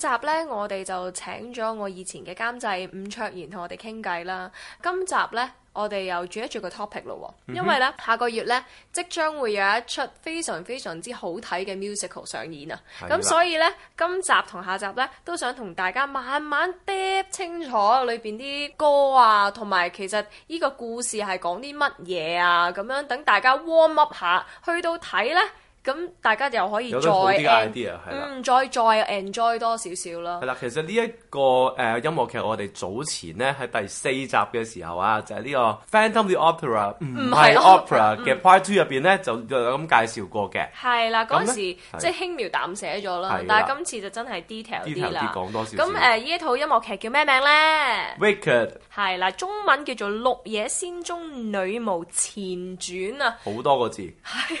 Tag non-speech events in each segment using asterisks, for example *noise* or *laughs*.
今集呢，我哋就請咗我以前嘅監製伍卓賢同我哋傾偈啦。今集呢，我哋又轉一轉個 topic 咯，嗯、哼因為呢，下個月呢，即將會有一出非常非常之好睇嘅 musical 上演啊。咁的所以呢，今集同下集呢，都想同大家慢慢 dip 清楚裏邊啲歌啊，同埋其實呢個故事係講啲乜嘢啊，咁樣等大家 warm up 下去到睇呢。咁大家就可以再 idea 係嗯再再 enjoy 多少少啦。係啦，其實呢、這、一個誒、呃、音樂劇我哋早前咧喺第四集嘅時候啊，就係、是、呢、這個 Phantom the Opera 唔係 Opera 嘅 Part Two 入邊咧，就就有咁介紹過嘅。係啦，嗰、那、陣、個、時即係、嗯、輕描淡寫咗啦，的但係今次就真係 detail 啲 detail 啲講多少。咁誒呢一套音樂劇叫咩名咧？Wicked 係啦，中文叫做《綠野仙蹤女巫前傳》啊，好多個字。係，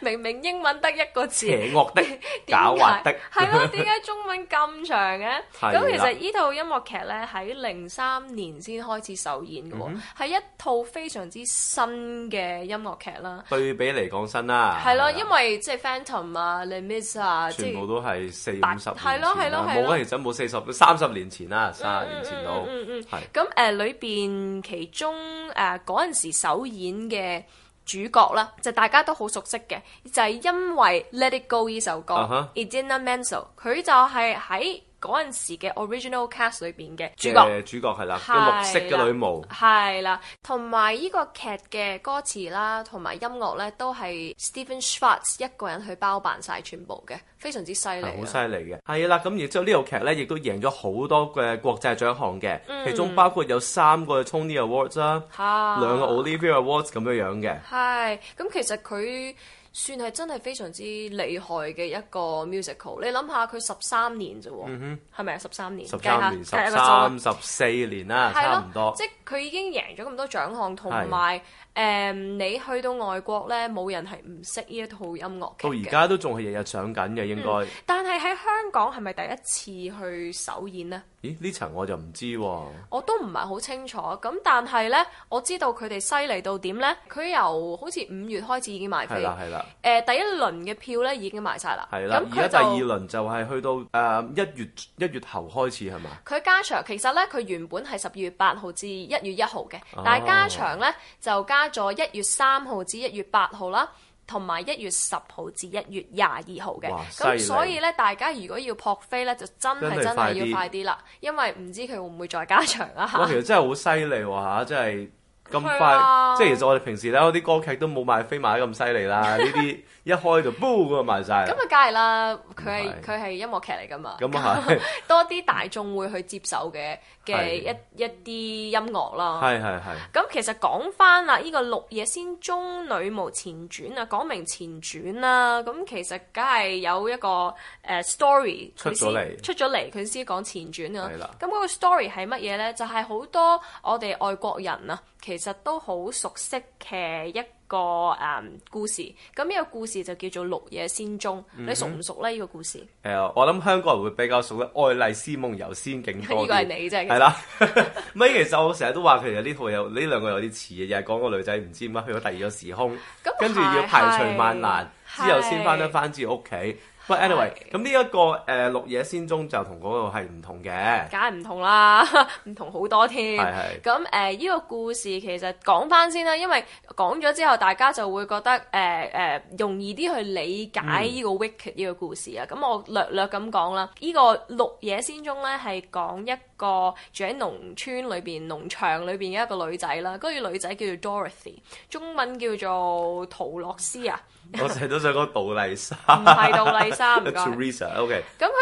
*laughs* 明明，明中文得一個字，邪惡的、狡猾的，係咯？點解中文咁長嘅？咁其實依套音樂劇咧，喺零三年先開始首演嘅喎，係一套非常之新嘅音樂劇啦。對比嚟講新啦。係咯，因為即係 Phantom 啊、Les Mis 啊，全部都係四五十，係咯係咯係冇其實冇四十三十年前啦，三十年前到。嗯嗯嗯。咁誒，裏邊其中誒嗰陣時首演嘅。主角啦，就是、大家都好熟悉嘅，就係、是、因為《Let It Go》呢首歌，uh-huh. Idina Menzel 佢就係喺。嗰陣時嘅 original cast 裏邊嘅主角，主角係啦，個的綠色嘅女巫係啦，同埋依個劇嘅歌詞啦，同埋音樂咧都係 Stephen Schwartz 一個人去包辦晒全部嘅，非常之犀利，好犀利嘅，係啦。咁然之後呢套劇咧亦都贏咗好多嘅國際獎項嘅，嗯、其中包括有三個 Tony Awards 啦、啊，兩個 Olivier Awards 咁樣樣嘅。係，咁其實佢。算係真係非常之厲害嘅一個 musical，你諗下佢十三年啫喎，係咪啊？十三年，年計下十三十四年啦、啊，了差唔多。即係佢已經贏咗咁多獎項，同埋誒你去到外國咧，冇人係唔識呢一套音樂。到而家都仲係日日上緊嘅應該。嗯、但係喺香。講係咪第一次去首演呢？咦？呢層我就唔知喎、啊。我都唔係好清楚。咁但係呢，我知道佢哋犀利到點呢？佢由好似五月開始已經賣飛。係啦，係啦、呃。第一輪嘅票呢已經賣晒啦。係啦的。咁而家第二輪就係去到誒一、呃、月一月頭開始係嘛？佢加場，其實呢，佢原本係十二月八號至一月一號嘅，哦、但係加場呢就加咗一月三號至一月八號啦。同埋一月十號至一月廿二號嘅咁，嘩所以呢，大家如果要撲飛呢，就真係真係要快啲啦，點因為唔知佢會唔會再加長啦嚇。哇！其實真係好犀利喎嚇，真係咁快，啊、即係其實我哋平時呢，嗰啲歌劇都冇買飛買得咁犀利啦呢啲。 *laughs* 一開就 boom，賣曬。咁啊，梗係啦，佢係佢係音樂劇嚟㗎嘛。咁啊，多啲大眾會去接受嘅嘅一 *laughs* 的一啲音樂啦。係係係。咁其實講返啦，呢、這個《綠野仙蹤女巫前傳》啊，講明前傳啦。咁其實梗係有一個誒 story 出咗嚟，出咗嚟佢先講前傳啊。咁嗰的個 story 係乜嘢咧？就係、是、好多我哋外國人啊，其實都好熟悉嘅一。個誒、嗯、故事，咁呢個故事就叫做綠野仙蹤，嗯、哼你熟唔熟咧？呢、這個故事係啊、嗯，我諗香港人會比較熟嘅《愛麗絲夢遊仙境》多啲。呢個係你啫，係啦。咪，其實我成日都話，其實呢套有呢兩個有啲似嘅，又係講個女仔唔知點解去咗第二個時空，嗯、跟住要排除萬難是是之後先翻得翻自己屋企。是 But，anyway，咁呢一個誒綠野仙蹤就同嗰個係唔同嘅，梗係唔同啦，唔同好多添。係係。咁誒呢個故事其實講翻先啦，因為講咗之後，大家就會覺得誒誒、呃呃、容易啲去理解呢、這個 Wicked 呢、這個故事啊。咁、嗯嗯、我略略咁講啦，這個、呢個綠野仙蹤咧係講一個住喺農村裏邊、農場裏邊嘅一個女仔啦，嗰、那個女仔叫做 Dorothy，中文叫做陶樂斯啊。 *laughs* 我成日都想講杜麗莎，唔係杜麗。三咁佢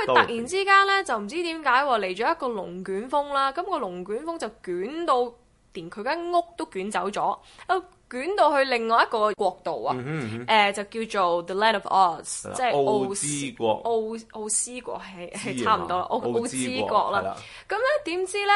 突然之間咧，就唔知點解嚟咗一個龍捲風啦。咁個龍捲風就捲到連佢間屋都捲走咗，啊捲到去另外一個國度啊。誒、嗯嗯呃、就叫做 The Land of Oz，嗯哼嗯哼即係奧斯，斯國。奧奧茲國係係、嗯、 *laughs* 差唔多啦，奧奧茲國啦。咁咧點知咧？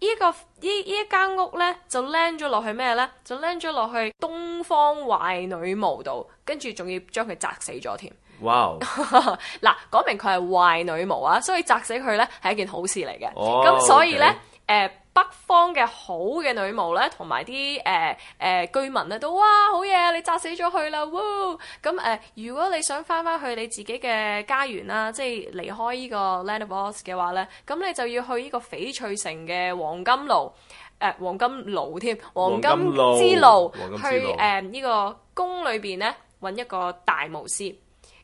依、嗯依個依依間屋咧就 land 咗落去咩咧？就 land 咗落去東方壞女巫度，跟住仲要將佢砸死咗添。嗱，講 Wow. *laughs* 明佢係壞女巫啊，所以砸死佢咧係一件好事嚟嘅。咁、oh, 所以咧，誒 okay.、呃、北方嘅好嘅女巫咧，同埋啲誒誒居民咧都哇好嘢！你砸死咗佢啦，咁誒、呃、如果你想返返去你自己嘅家園啦，即係離開呢個 Land of Oz 嘅話咧，咁你就要去呢個翡翠城嘅黃金路誒、呃、黃金路添黃，黃金之路去誒呢、呃呢個宮裏邊咧搵一個大巫師。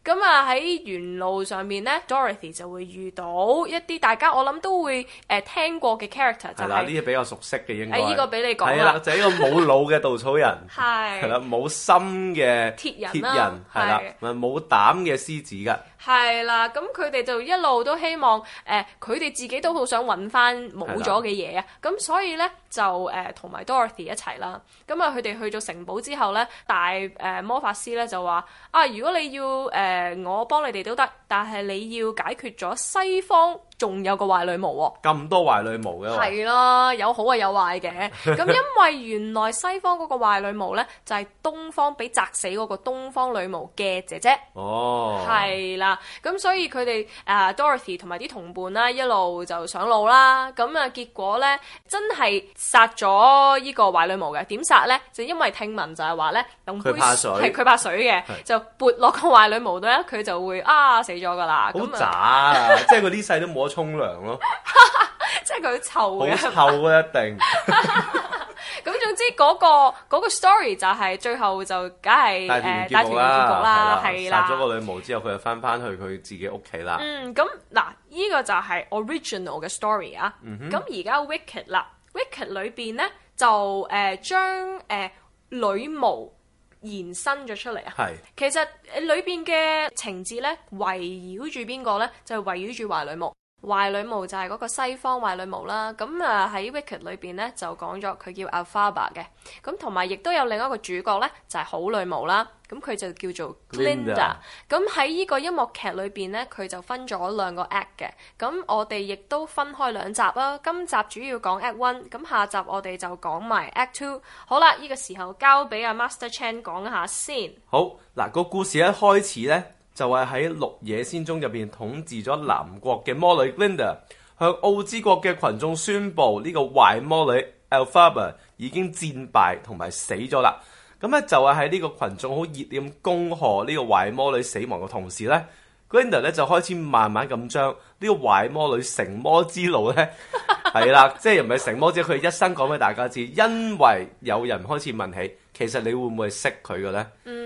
咁啊喺沿路上面咧，Dorothy 就會遇到一啲大家我諗都會誒聽過嘅 character 就係，係啦呢啲比較熟悉嘅應該，係啦就係一個冇腦嘅稻草人，係，係啦冇心嘅鐵人，係啦唔係冇膽嘅獅子㗎，係啦咁佢哋就一路都希望誒佢哋自己都好想揾翻冇咗嘅嘢啊，咁所以咧。就誒同、呃、埋 Dorothy 一齊啦，咁啊佢哋去咗城堡之後呢，大誒、呃、魔法師呢就話：啊，如果你要誒、呃、我幫你哋都得，但係你要解決咗西方，仲有個壞女巫喎、啊。咁多壞女巫嘅、啊，係啦、啊，有好啊有壞嘅。咁因為原來西方嗰個壞女巫呢， *laughs* 就係東方俾砸死嗰個東方女巫嘅姐姐。哦，係啦、啊，咁所以佢哋啊 Dorothy 同埋啲同伴啦，一路就上路啦。咁啊結果呢，真係～殺咗呢個壞女巫嘅，點殺咧？就因為聽聞就係話咧，用杯水係佢怕水嘅，就撥落個壞女巫度咧，佢就會啊死咗噶啦。好渣啊！即係佢呢世都冇得沖涼咯，即係佢臭嘅。好臭啊！一定。咁總之嗰個嗰個 story 就係最後就梗係誒，大團圓結局啦，係啦。殺咗個女巫之後，佢就翻翻去佢自己屋企啦。嗯，咁嗱，呢個就係 original 嘅 story 啊。嗯哼。咁而家 wicked 啦。《Wicked》裏邊咧就誒將誒女巫延伸咗出嚟啊，係是，其實誒裏邊嘅情節咧圍繞住邊個咧就係圍繞住壞女巫。壞女巫就係嗰個西方壞女巫啦，咁啊喺 Wicked 裏邊咧就講咗佢叫 Elphaba 嘅，咁同埋亦都有另一個主角咧就係、是、好女巫啦，咁佢就叫做 Glinda，咁喺呢個音樂劇裏邊咧佢就分咗兩個 Act 嘅，咁我哋亦都分開兩集啦，今集主要講 Act One，咁下集我哋就講埋 Act Two，好啦，呢、這個時候交俾阿 Master Chan 講一下先。好，嗱、那個故事一開始咧，就係喺綠野仙蹤入邊統治咗南國嘅魔女 Glinda 向奧茲國嘅群眾宣布呢、呢個壞魔女 Elphaba 已經戰敗同埋死咗啦。咁咧就係喺呢個群眾好熱烈咁恭賀呢個壞魔女死亡嘅同時咧 Glinda 咧就開始慢慢咁將呢個壞魔女成魔之路咧係啦，即係唔係成魔之路？佢一生講俾大家知，因為有人開始問起，其實你會唔會識佢嘅咧？ *laughs*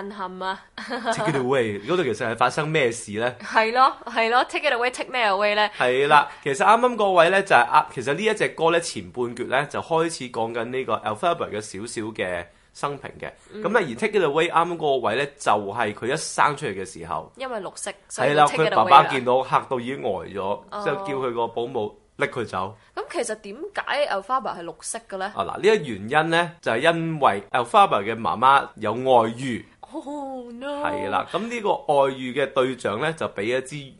震撼啊！Take it away，嗰度其實係發生咩事咧？係咯，係咯，Take it away，take 咩 away 咧？係啦，其實啱啱嗰位咧就係、是，其實呢一隻歌咧前半段咧就開始講緊呢個 Elphaba 嘅少少嘅生平嘅。咁啊、嗯，而 Take it away 啱啱嗰個位咧就係、是、佢一生出嚟嘅時候，因為綠色係啦，佢爸爸見到嚇到已經呆咗，之後、哦、叫佢個保姆拎佢走。咁其實點解 Elphaba 係綠色嘅咧？嗱、啊，呢個原因咧就係、是、因為 Elphaba 嘅媽媽有外遇。係啦，咁呢、oh, no. 個外遇嘅對象呢，就俾一支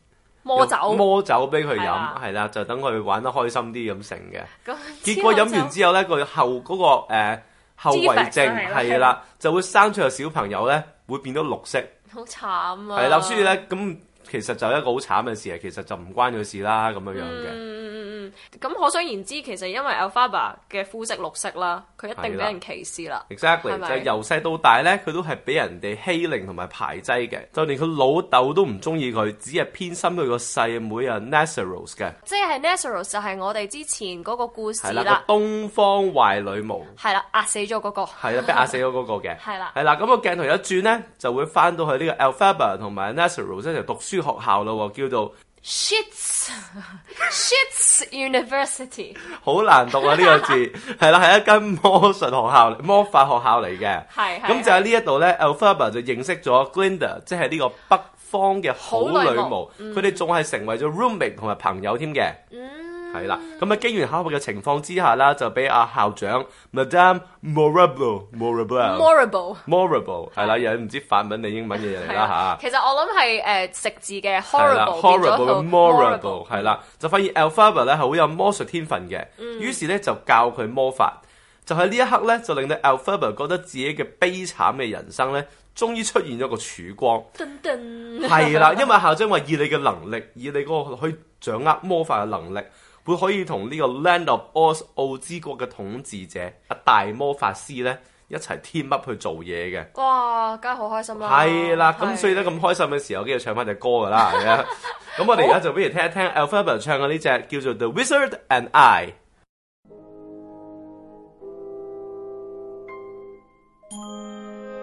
魔酒魔酒俾佢飲，係啦、啊，就等佢玩得開心啲咁成嘅。那結果飲完之後呢，佢後嗰、那個誒、呃、後遺症係啦，了就會生出個小朋友呢，會變到綠色，好慘啊！係啦，所以呢，咁其實就係一個好慘嘅事啊，其實就唔關佢事啦，咁樣樣嘅。嗯咁可想而知，其實因為 Alfaba 嘅膚色綠色啦，佢一定俾人歧視啦。Exactly 了就由細到大咧，佢都係俾人哋欺凌同埋排擠嘅，就連佢老豆都唔中意佢，只係偏心佢個細妹啊。Nessarose 嘅，即係 Nessarose 就係我哋之前嗰個故事啦。東方壞女巫係啦，壓死咗嗰、那個係啦，俾壓死咗嗰個嘅係啦。係啦 *laughs* 了，咁、那個鏡頭一轉咧，就會翻到去呢個 Alfaba 同埋 Nessarose 咧，就讀書學校咯，叫做。Shiz University，好 *laughs* 難讀啊！呢、這個字係啦，係一間魔術學校、魔法學校嚟嘅。係咁 *laughs* 是就喺呢一度咧，Elphaba 就認識咗 Glinda，即係呢個北方嘅好女巫。佢哋仲係成為咗 roommate 同埋朋友添嘅。嗯係啦，咁啊，機緣巧合嘅情況之下啦，就俾阿校長 Madame Morrible，Morrible，Morrible，Morrible 係啦，又唔知法文定英文嘅嘢嚟啦嚇。其實我諗係誒食字嘅 Horrible Morrible 係啦，就發現 Elphaba 咧係好有魔術天分嘅，於是咧就教佢魔法。就喺呢一刻咧，就令到 Elphaba 覺得自己嘅悲慘嘅人生咧，終於出現咗個曙光。係啦，因為校長話以你嘅能力，以你嗰個去掌握魔法嘅能力。會可以同呢個 Land of Oz 奧茲國嘅統治者阿大魔法師咧一齊 team up 去做嘢嘅。哇！梗係好開心、啊、啦。係啦是，咁所以咧，咁開心嘅時候，我哋唱翻隻歌㗎啦。咁 *laughs* 我哋而家就不如聽一聽 Elphaba 唱嘅呢隻叫做 The Wizard and I。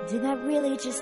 Did that really just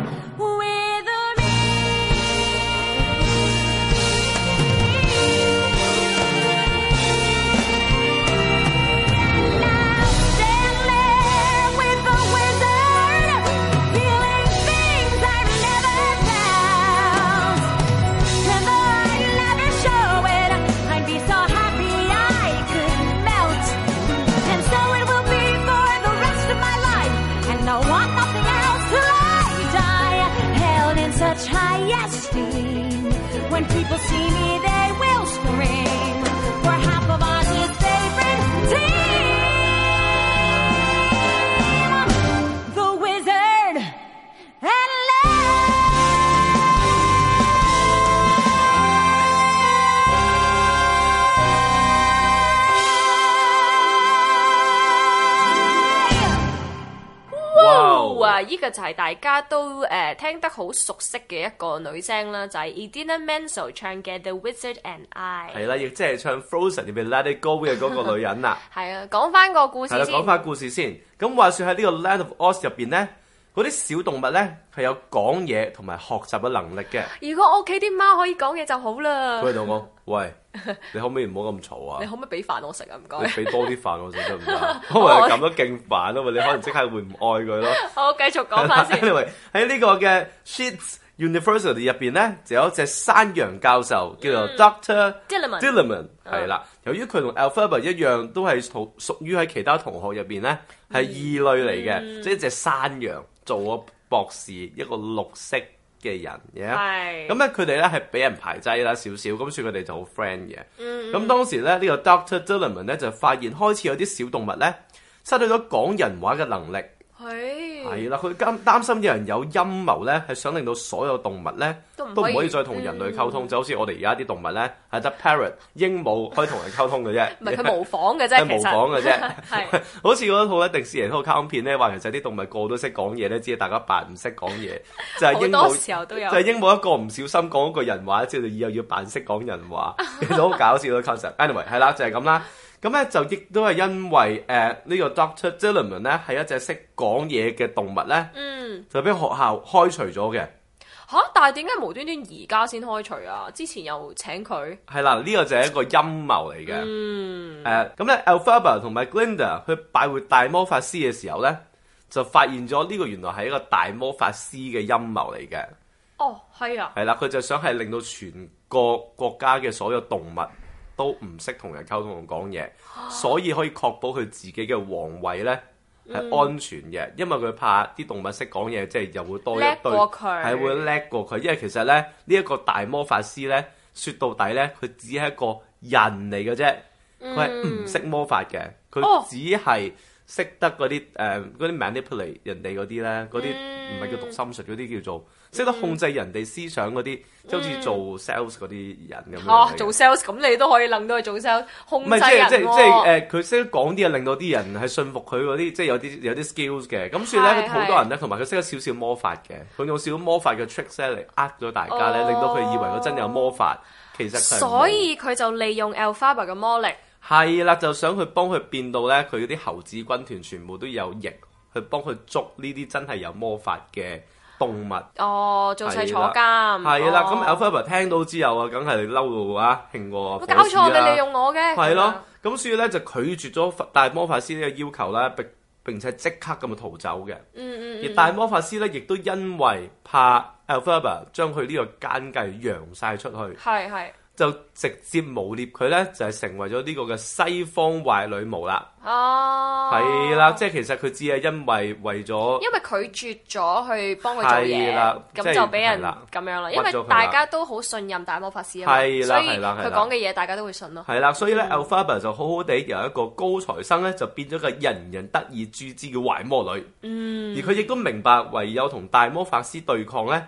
呢個就係大家都誒聽得好熟悉嘅一個女聲啦，就係 Idina Menzel 唱嘅《The Wizard and I》。係啦，亦即係唱《Frozen》入邊《Let It Go》嘅嗰個女人啦。係啊，講翻個故事先。係啦，講翻故事先。咁話說喺呢個《Land of Oz》入邊呢，嗰啲小動物呢係有講嘢同埋學習嘅能力嘅。如果屋企啲貓可以講嘢就好啦。喂，老公，喂。你可唔可以唔好咁嘈啊？你可唔可以俾飯我食啊？唔該，你俾多啲飯我食得唔得？因為咁都勁煩啊嘛？你可能即刻會唔愛佢咯。 *laughs* 好，繼續講翻吧先。喺、anyway，呢個嘅 Sheets University 入邊咧，就有一隻山羊教授叫做 Doctor Diliman，係啦。由於佢同 Alphabet 一樣，都係屬屬於喺其他同學入邊咧係異類嚟嘅，即係、嗯、一隻山羊做咗博士，一個綠色嘅人嘅，咁咧佢哋咧係俾人排擠啦少少，咁所以佢哋就好 friend 嘅。咁、mm hmm. 當時咧呢、呢個 Doctor Dillman 咧就發現開始有啲小動物咧失去咗講人話嘅能力。係，係啦，佢擔擔心啲人有陰謀咧，係想令到所有動物咧都唔可，可以再同人類溝通，嗯、就好似我哋而家啲動物咧，係得 parrot 鸚鵡可以同人溝通嘅啫。唔係佢模仿嘅啫，佢實模仿嘅啫，係 *laughs* 是 *laughs* 好似嗰一套迪士尼嗰套卡通片咧，話其實啲動物個個都識講嘢咧，只係大家扮唔識講嘢，就係鸚鵡， *laughs* 都有就係鸚鵡一個唔小心講一句人話，之後就以後要扮識講人話，其實好搞笑咯，concept、 *laughs* *laughs* anyway。Anyway、就、係、是、啦，就係咁啦。咁咧就亦都係因為誒、呃這個、呢個 Doctor Dillamond 咧係一隻識講嘢嘅動物咧，嗯、就俾學校開除咗嘅。嚇、啊！但係點解無端端而家先開除啊？之前又請佢。係啦，呢、這個就係一個陰謀嚟嘅。誒咁咧，Elphaba 同埋 Glinda 去拜會大魔法師嘅時候咧，就發現咗呢個原來係一個大魔法師嘅陰謀嚟嘅。哦，係啊。係啦，佢就想係令到全個國家嘅所有動物。都唔識同人溝通同講嘢，所以可以確保佢自己嘅皇位呢係、嗯、安全嘅，因為佢怕啲動物識講嘢，即係又會多一對，係會叻過佢。因為其實呢，呢一個大魔法師呢，説到底呢，佢只係一個人嚟嘅啫，佢係唔識魔法嘅，佢只係。哦識得嗰啲誒嗰啲 Manipulate 人哋嗰啲咧，嗰啲唔係叫讀心術嗰啲，叫做識得控制人哋思想嗰啲，即好似做 sales 嗰啲人咁樣、啊。哦的，做 sales，咁你都可以諗到係做 sales 控制人。唔係即係即係即係誒，佢識得講啲嘢令到啲人係信服佢嗰啲，即係有啲有啲 skills 嘅。咁所以咧，好多人咧，同埋佢識得少少魔法嘅，佢用少少魔法嘅 tricks 咧嚟呃咗大家咧，哦、令到佢以為佢真有魔法，其實係，所以佢就利用 Elphaba 嘅魔力。係啦，就想佢幫佢變到咧，佢嗰啲猴子軍團全部都有翼，去幫佢捉呢啲真係有魔法嘅動物。哦，做晒坐監。係啦的，咁 Alferber 聽到之後啊，梗係嬲到啊，氣喎。都搞錯，你利用我嘅。係咯的，咁的所以咧就拒絕咗大魔法師呢個要求啦，並並且即刻咁逃走嘅。嗯嗯，嗯。嗯、而大魔法師咧，亦都因為怕 Alferber 將佢呢個奸計揚晒出去。係係。就直接污蔑佢咧，就係成為咗呢個嘅西方壞女巫啦。哦，係啦，即係其實佢只係，因為為咗因為拒絕咗去幫佢做嘢，咁就俾人咁樣啦。因為大家都好信任大魔法師啊嘛，所以佢講嘅嘢大家都會信咯。係啦，所以咧 Elphaba 就好好地由一個高材生咧，就變咗個人人得而誅之嘅壞魔女。嗯，而佢亦都明白，唯有同大魔法師對抗咧。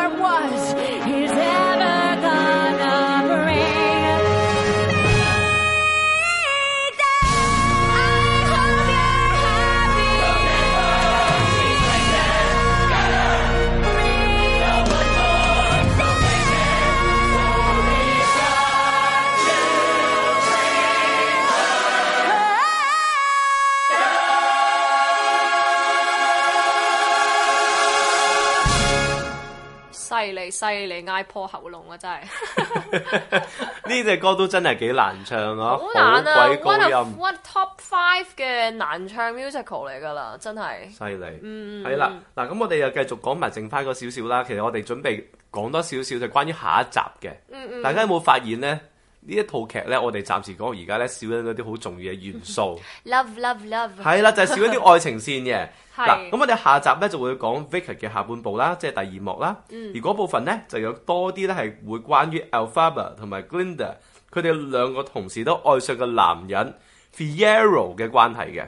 犀利，嗌破喉嚨啊！真係呢隻歌都真係幾難唱咯、啊，難啊、好鬼高音，One of, one of Top Five 嘅難唱 musical 嚟噶啦，真係犀利。害嗯，係啦了，嗱、嗯，咁我哋又繼續講埋剩翻嗰少少啦。其實我哋準備講多少少就關於下一集嘅、嗯。嗯嗯，大家有冇發現咧？呢一套劇咧，我哋暫時講而家咧少咗嗰啲好重要嘅元素。 *laughs* love love love。係啦， *laughs* 就係少咗啲愛情線嘅。嗱， *laughs* 咁我哋下集咧就會講 Wicked 嘅下半部啦，即係第二幕啦。嗯、而嗰部分咧就有多啲咧係會關於 Elphaba 同埋 Glinda 佢哋兩個同時都愛上嘅男人 Fiyero 嘅關係嘅。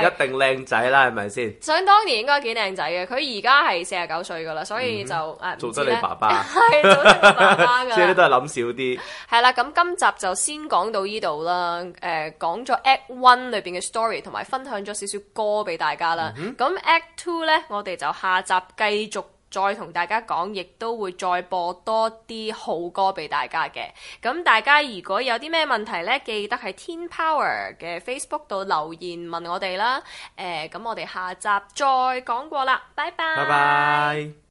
是一定靚仔啦，係咪先？想當年應該幾靚仔嘅，佢而家係四十九歲噶啦，所以就誒，嗯呃、做得你爸爸，係 *laughs* 做得你爸爸嘅。即係都係諗少啲。係啦，咁今集就先講到呢度啦。誒、呃，講咗 Act One 裏邊嘅 story，同埋分享咗少少歌俾大家啦。咁、嗯、哼 Act Two 咧，我哋就下集繼續。再同大家講，亦都會再播多啲好歌俾大家嘅。咁大家如果有啲咩問題呢，記得喺天 power 嘅 Facebook 度留言問我哋啦。咁、呃、我哋下集再講過啦。拜拜。拜拜。